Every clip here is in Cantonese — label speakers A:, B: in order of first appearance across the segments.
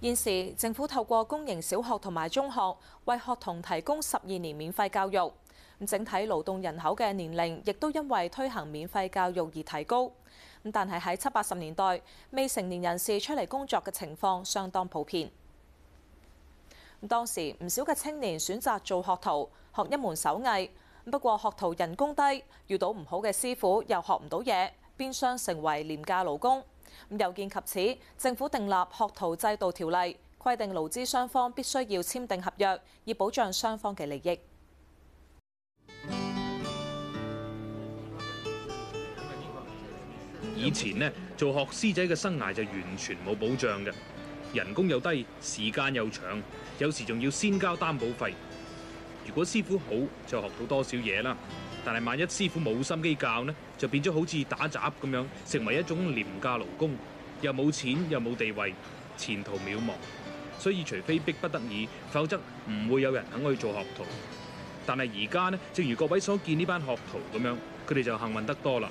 A: 現時政府透過公營小學同埋中學為學童提供十二年免費教育。咁整體勞動人口嘅年齡亦都因為推行免費教育而提高。但係喺七八十年代，未成年人士出嚟工作嘅情況相當普遍。咁當時唔少嘅青年選擇做學徒，學一門手藝。不過學徒人工低，遇到唔好嘅師傅又學唔到嘢，變相成為廉價勞工。咁有見及此，政府訂立學徒制度條例，規定勞資雙方必須要簽訂合約，以保障雙方嘅利益。
B: 以前呢，做學師仔嘅生涯就完全冇保障嘅，人工又低，時間又長，有時仲要先交擔保費。如果師傅好，就學到多少嘢啦。但係萬一師傅冇心機教呢，就變咗好似打雜咁樣，成為一種廉價勞工，又冇錢又冇地位，前途渺茫。所以除非逼不得已，否則唔會有人肯去做學徒。但係而家呢，正如各位所見，呢班學徒咁樣，佢哋就幸運得多了。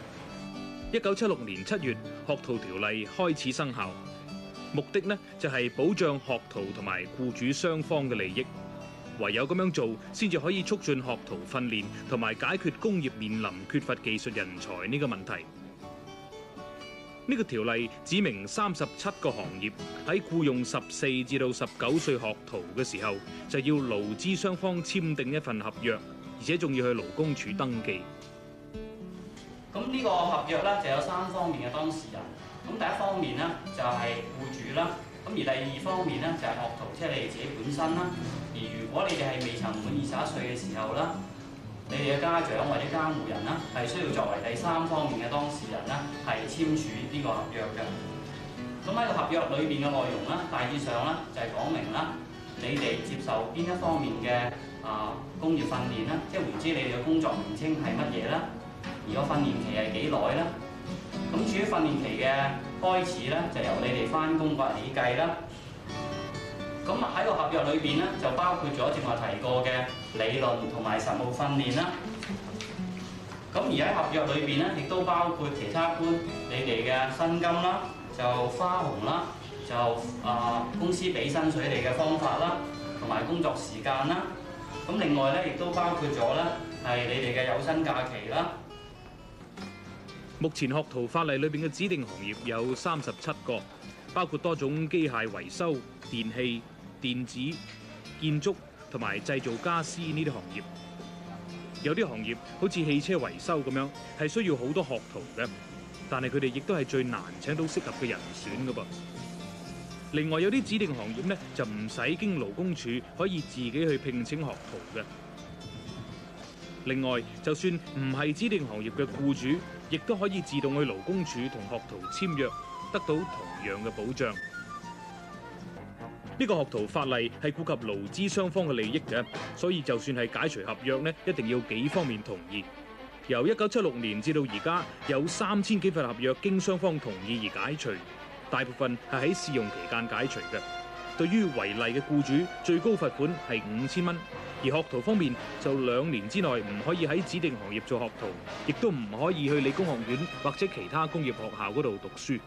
B: 一九七六年七月，學徒條例開始生效，目的呢就係保障學徒同埋僱主雙方嘅利益。唯有咁樣做，先至可以促進學徒訓練，同埋解決工業面臨缺乏技術人才呢個問題。呢、這個條例指明三十七個行業喺僱傭十四至到十九歲學徒嘅時候，就要勞資雙方簽訂一份合約，而且仲要去勞工處登記。
C: 咁呢個合約呢，就有三方面嘅當事人。咁第一方面呢，就係、是、僱主啦。咁而第二方面咧就係學徒，即係你哋自己本身啦。而如果你哋係未曾滿二十一歲嘅時候啦，你哋嘅家長或者監護人啦，係需要作為第三方面嘅當事人啦，係簽署呢個合約嘅。咁喺個合約裏面嘅內容啦，大致上啦就係講明啦，你哋接受邊一方面嘅啊工業訓練啦，即係唔知你哋嘅工作名稱係乜嘢啦，而個訓練期係幾耐啦。咁至於訓練期嘅開始咧，就由你哋翻工開始計啦。咁啊喺個合約裏邊咧，就包括咗正話提過嘅理論同埋實務訓練啦。咁而喺合約裏邊咧，亦都包括其他一般你哋嘅薪金啦，就花紅啦，就啊、呃、公司俾薪水你嘅方法啦，同埋工作時間啦。咁另外咧，亦都包括咗咧，係你哋嘅有薪假期啦。
B: 目前學徒法例裏邊嘅指定行業有三十七個，包括多種機械維修、電器、電子、建築同埋製造家私呢啲行業。有啲行業好似汽車維修咁樣，係需要好多學徒嘅，但係佢哋亦都係最難請到適合嘅人選㗎噃。另外有啲指定行業呢，就唔使經勞工處，可以自己去聘請學徒嘅。另外，就算唔係指定行業嘅雇主，亦都可以自動去勞工處同學徒簽約，得到同樣嘅保障。呢個學徒法例係顧及勞資雙方嘅利益嘅，所以就算係解除合約咧，一定要幾方面同意。由一九七六年至到而家，有三千幾份合約經雙方同意而解除，大部分係喺試用期間解除嘅。對於違例嘅雇主，最高罰款係五千蚊。而學徒方面，就兩年之內唔可以喺指定行業做學徒，亦都唔可以去理工學院或者其他工業學校嗰度讀書。